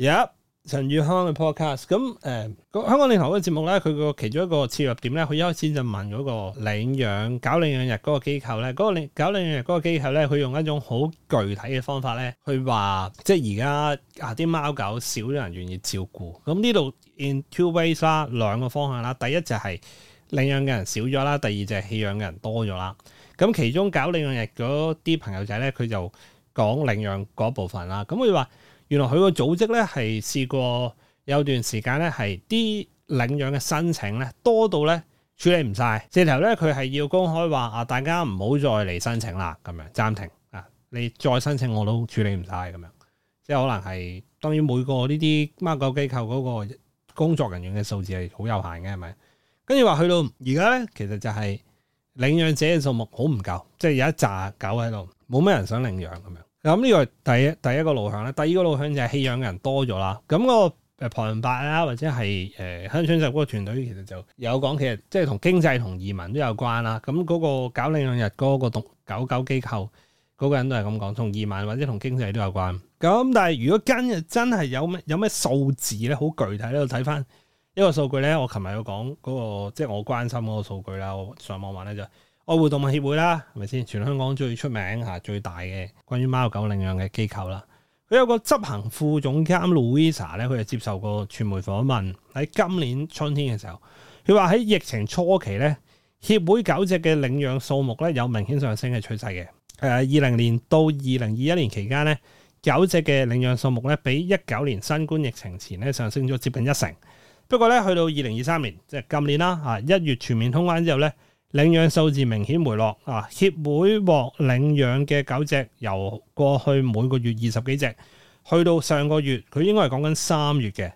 有、yeah, 陳宇康嘅 podcast，咁誒、呃、香港領頭嗰個節目咧，佢個其中一個切入點咧，佢一開始就問嗰個領養搞領養日嗰個機構咧，嗰、嗰個領搞領養日嗰個機構咧，佢用一種好具體嘅方法咧，去話即係而家啊啲貓狗少咗人願意照顧，咁呢度 in two ways 啦，兩個方向啦，第一就係領養嘅人少咗啦，第二就係棄養嘅人多咗啦，咁其中搞領養日嗰啲朋友仔咧，佢就講領養嗰部分啦，咁佢話，原來佢個組織咧係試過有段時間咧係啲領養嘅申請咧多到咧處理唔晒。直頭咧佢係要公開話啊，大家唔好再嚟申請啦，咁樣暫停啊！你再申請我都處理唔晒，咁樣，即係可能係當然每個呢啲貓狗機構嗰個工作人員嘅數字係好有限嘅，係咪？跟住話去到而家咧，其實就係領養者嘅數目好唔夠，即係有一紮狗喺度，冇咩人想領養咁樣。咁呢個係第一第一個路向咧，第二個路向就係棄養嘅人多咗啦。咁、那個誒旁白啊，或者係誒鄉村集嗰個團隊，呃、團隊其實就有講，其實即係同經濟同移民都有關啦。咁、那、嗰個搞領養日嗰個獨狗狗機構嗰、那個人都係咁講，同移民或者同經濟都有關。咁但係如果今日真係有咩有咩數字咧，好具體咧，睇翻一個數據咧，我琴日有講嗰、那個即係、就是、我關心嗰個數據啦。我上網話咧就。愛護動物協會啦，係咪先？全香港最出名吓，最大嘅關於貓狗領養嘅機構啦。佢有個執行副總監 Louisa 咧，佢就接受過傳媒訪問，喺今年春天嘅時候，佢話喺疫情初期咧，協會狗隻嘅領養數目咧有明顯上升嘅趨勢嘅。誒，二零年到二零二一年期間咧，狗隻嘅領養數目咧比一九年新冠疫情前咧上升咗接近一成。不過咧，去到二零二三年，即係今年啦，吓一月全面通關之後咧。領養數字明顯回落啊！協會獲領養嘅九隻，由過去每個月二十幾隻，去到上個月，佢應該係講緊三月嘅，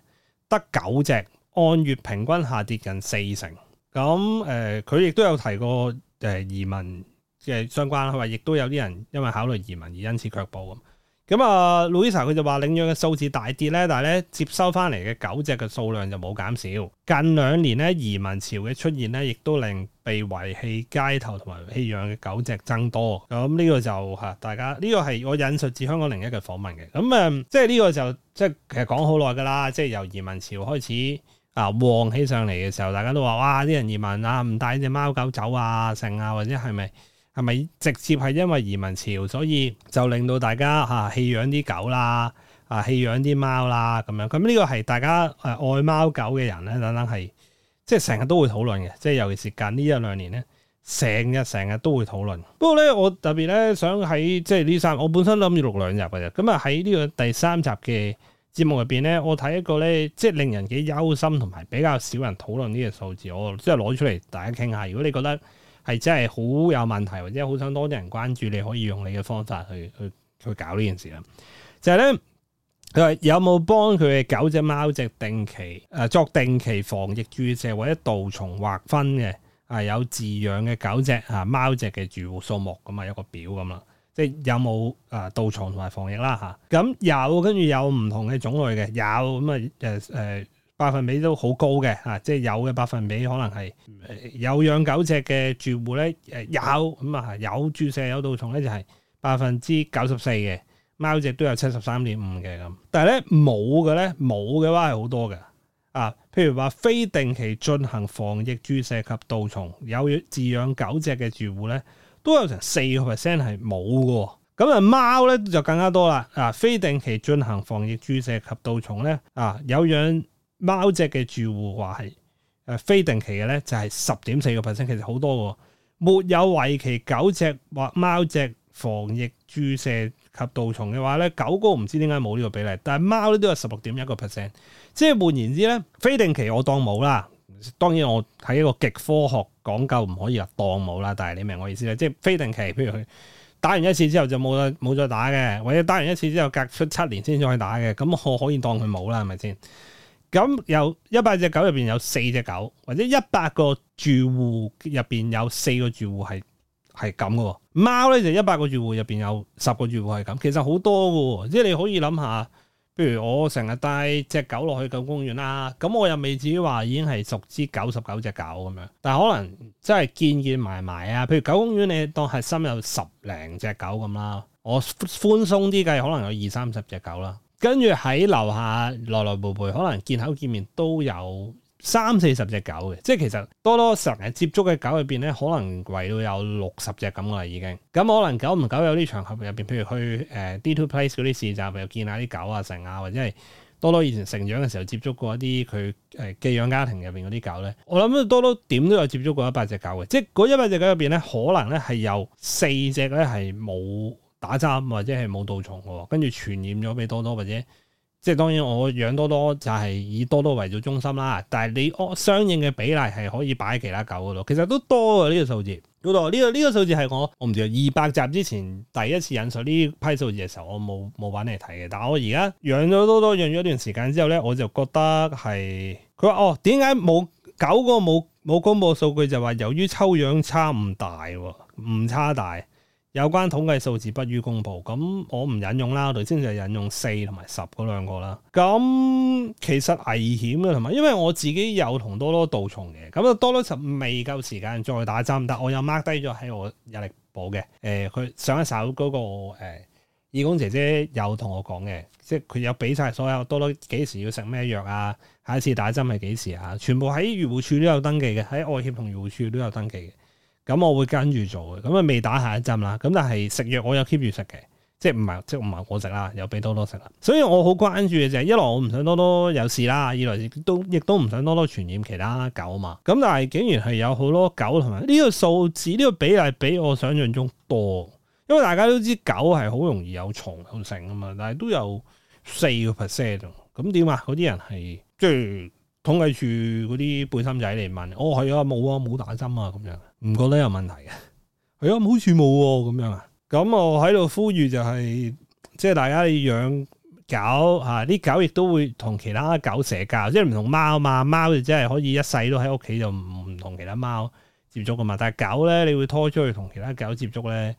得九隻，按月平均下跌近四成。咁、嗯、誒，佢亦都有提過誒、呃、移民嘅相關，佢話亦都有啲人因為考慮移民而因此卻步咁。咁啊、嗯、Louisa 佢就話領養嘅數字大跌咧，但係咧接收翻嚟嘅狗隻嘅數量就冇減少。近兩年咧移民潮嘅出現咧，亦都令被遺棄街頭同埋棄養嘅狗隻增多。咁、嗯、呢、這個就嚇大家，呢、這個係我引述自香港另一個訪問嘅。咁、嗯、啊、這個，即係呢個就即係其實講好耐㗎啦。即係由移民潮開始啊，旺起上嚟嘅時候，大家都話哇，啲人移民啊，唔帶隻貓狗走啊剩啊，或者係咪？是係咪直接係因為移民潮，所以就令到大家吓、啊、棄養啲狗啦，啊棄養啲貓啦咁樣？咁、這、呢個係大家誒、呃、愛貓狗嘅人咧等等係，即係成日都會討論嘅。即係尤其是近呢一兩年咧，成日成日都會討論。不過咧，我特別咧想喺即係呢三，我本身諗住錄兩集嘅咋，咁啊喺呢個第三集嘅節目入邊咧，我睇一個咧，即係令人幾憂心同埋比較少人討論呢個數字，我即係攞出嚟大家傾下。如果你覺得，係真係好有問題，或者好想多啲人關注你，你可以用你嘅方法去去去搞呢件事啦。就係、是、咧，佢話有冇幫佢嘅狗隻、貓隻定期誒、啊、作定期防疫注射或者杜蟲劃分嘅？啊，有飼養嘅狗隻啊貓隻嘅住戶數目咁啊，一個表咁啦。即、就、係、是、有冇誒杜蟲同埋防疫啦吓？咁、啊、有，跟住有唔同嘅種類嘅有咁啊誒。嗯呃呃百分比都好高嘅，啊，即係有嘅百分比可能係、嗯呃、有養狗隻嘅住戶咧，誒有咁啊有注射有杜蟲咧就係百分之九十四嘅，貓隻都有七十三點五嘅，咁，但係咧冇嘅咧冇嘅話係好多嘅啊，譬如話非定期進行防疫注射及杜蟲，有自養飼養狗隻嘅住戶咧，都有成四個 percent 係冇嘅，咁啊貓咧就更加多啦，啊非定期進行防疫注射及杜蟲咧啊有養貓隻嘅住戶話係誒非定期嘅咧，就係十點四個 percent，其實好多個沒有為期狗隻或貓隻防疫注射及杜蟲嘅話咧，狗哥唔知點解冇呢個比例，但係貓咧都有十六點一個 percent，即係換言之咧，非定期我當冇啦。當然我喺一個極科學講究唔可以話當冇啦，但係你明我意思啦，即係非定期，譬如佢打完一次之後就冇再冇再打嘅，或者打完一次之後隔出七年先再打嘅，咁我可以當佢冇啦，係咪先？咁有一百隻狗入邊有四隻狗，或者一百個住戶入邊有四個住戶係係咁嘅。貓咧，就一百個住戶入邊有十個住戶係咁。其實好多嘅，即係你可以諗下，譬如我成日帶隻狗落去狗公園啦，咁我又未至於話已經係熟知九十九隻狗咁樣。但係可能真係見見埋埋啊，譬如狗公園你當核心有十零隻狗咁啦，我寬鬆啲計可能有二三十隻狗啦。跟住喺樓下來來回回，可能見口見面都有三四十隻狗嘅，即係其實多多成日接觸嘅狗入邊咧，可能圍到有六十隻咁噶啦已經。咁可能久唔久有啲場合入邊，譬如去誒、呃、D2 Place 嗰啲市集，又見下啲狗啊成啊，或者係多多以前成長嘅時候接觸過一啲佢誒寄養家庭入邊嗰啲狗咧，我諗多多點都有接觸過一百隻狗嘅，即係嗰一百隻狗入邊咧，可能咧係有四隻咧係冇打針或者係冇導蟲喎，跟住傳染咗俾多多或者，即係當然我養多多就係以多多為咗中心啦。但係你我相應嘅比例係可以擺喺其他狗嗰度，其實都多嘅呢、呢個數字。老、呢、呢個呢、呢個數字係我我唔知二百集之前第一次引述呢批數字嘅時候，我冇冇揾嚟睇嘅。但係我而家養咗多多，養咗一段時間之後咧，我就覺得係佢話哦，點解冇狗個冇冇公布數據就話由於抽樣差唔大，唔差大。有關統計數字不予公布，咁我唔引用啦。我頭先就引用四同埋十嗰兩個啦。咁、嗯、其實危險嘅，同埋因為我自己有同多多杜蟲嘅，咁啊多多就未夠時間再打針，但我又 mark 低咗喺我日曆簿嘅。誒、呃，佢上一手嗰、那個誒、呃、義工姐姐有同我講嘅，即係佢有俾晒所有多多幾時要食咩藥啊，下一次打針係幾時啊？全部喺漁護處都有登記嘅，喺愛協同漁護處都有登記嘅。咁我會跟住做嘅，咁啊未打下一針啦，咁但係食藥我有 keep 住食嘅，即係唔係即唔係我食啦，有俾多多食啦，所以我好關注嘅就係一來我唔想多多有事啦，二來亦都亦都唔想多多傳染其他狗啊嘛，咁但係竟然係有好多狗同埋呢個數字呢個比例比我想象中多，因為大家都知狗係好容易有蟲有性啊嘛，但係都有四個 percent，咁點啊？嗰啲人係即係。統計處嗰啲背心仔嚟問，哦係啊，冇啊，冇打針啊，咁樣，唔覺得有問題嘅，係啊，好似冇咁樣啊，咁我喺度呼籲就係，即係大家養狗吓，啲狗亦都會同其他狗社交，即係唔同貓嘛，貓就真係可以一世都喺屋企就唔唔同其他貓接觸噶嘛，但係狗咧，你會拖出去同其他狗接觸咧。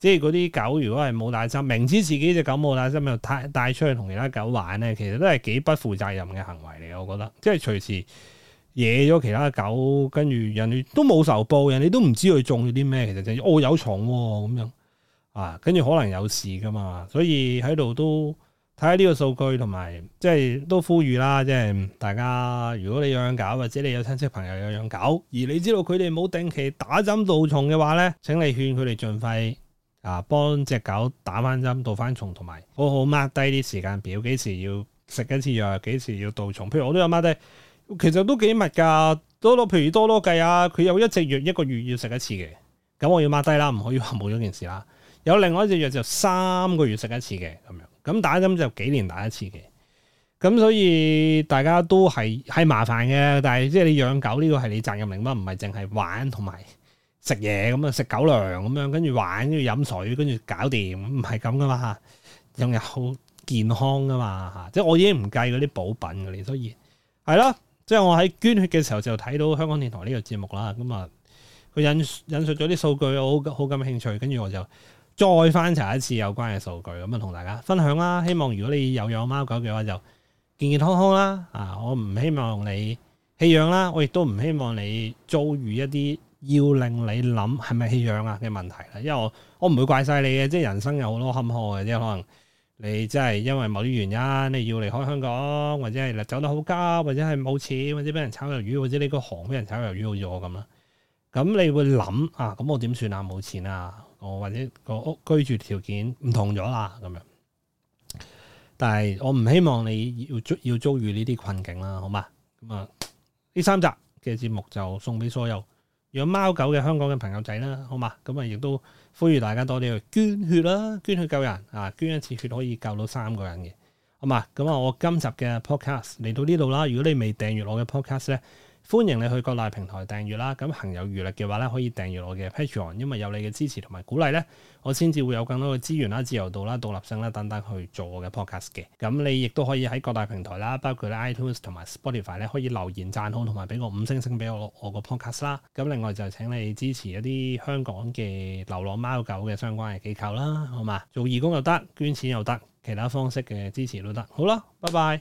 即係嗰啲狗，如果係冇打針，明知自己隻狗冇打針又帶帶出去同其他狗玩咧，其實都係幾不負責任嘅行為嚟。我覺得，即係隨時惹咗其他狗，跟住人哋都冇仇報，人哋都唔知佢中咗啲咩，其實就係、哦有蟲咁、哦、樣啊，跟住可能有事噶嘛。所以喺度都睇下呢個數據，同埋即係都呼籲啦，即係大家如果你養狗或者你有親戚朋友有養狗，而你知道佢哋冇定期打針驅蟲嘅話咧，請你勸佢哋盡快。啊，幫隻狗打返針、倒返蟲，同埋好好 mark 低啲時間表，幾時要食一次藥，幾時要倒蟲。譬如我都有 mark 低，其實都幾密㗎。多多譬如多多計啊，佢有一隻藥一個月要食一次嘅，咁我要 mark 低啦，唔可以話冇咗件事啦。有另外一隻藥就三個月食一次嘅咁樣，咁打針就幾年打一次嘅。咁所以大家都係係麻煩嘅，但係即係你養狗呢個係你責任嚟咯，唔係淨係玩同埋。食嘢咁啊，食狗糧咁樣，跟住玩，跟住飲水，跟住搞掂，唔係咁噶嘛，有日好健康噶嘛，即係我已經唔計嗰啲補品噶你，所以係啦。即係我喺捐血嘅時候就睇到香港電台呢個節目啦，咁啊，佢引引述咗啲數據，我好好感興趣，跟住我就再翻查一次有關嘅數據，咁啊同大家分享啦。希望如果你有養貓狗嘅話，就健健康康啦。啊，我唔希望你棄養啦，我亦都唔希望你遭遇一啲。要令你諗係咪棄養啊嘅問題啦，因為我我唔會怪晒你嘅，即係人生有好多坎坷嘅，即係可能你即係因為某啲原因你要離開香港，或者係走得好急，或者係冇錢，或者俾人炒魷魚，或者你個行俾人炒魷魚好似我咁啦。咁你會諗啊，咁我點算啊？冇錢啊，我或者個屋居住條件唔同咗啦咁樣。但係我唔希望你要遭要遭遇呢啲困境啦，好嘛？咁啊，呢三集嘅節目就送俾所有。養貓狗嘅香港嘅朋友仔啦，好嘛？咁啊亦都呼籲大家多啲去捐血啦、啊，捐血救人啊，捐一次血可以救到三個人嘅，好嘛？咁啊，我今集嘅 podcast 嚟到呢度啦，如果你未訂閲我嘅 podcast 咧。歡迎你去各大平台訂閱啦，咁行有餘力嘅話咧，可以訂閱我嘅 Patreon，因為有你嘅支持同埋鼓勵咧，我先至會有更多嘅資源啦、自由度啦、獨立性啦等等去做我嘅 podcast 嘅。咁你亦都可以喺各大平台啦，包括咧 iTunes 同埋 Spotify 咧，可以留言讚好同埋俾個五星星俾我我個 podcast 啦。咁另外就請你支持一啲香港嘅流浪貓狗嘅相關嘅機構啦，好嘛？做義工又得，捐錢又得，其他方式嘅支持都得。好啦，拜拜。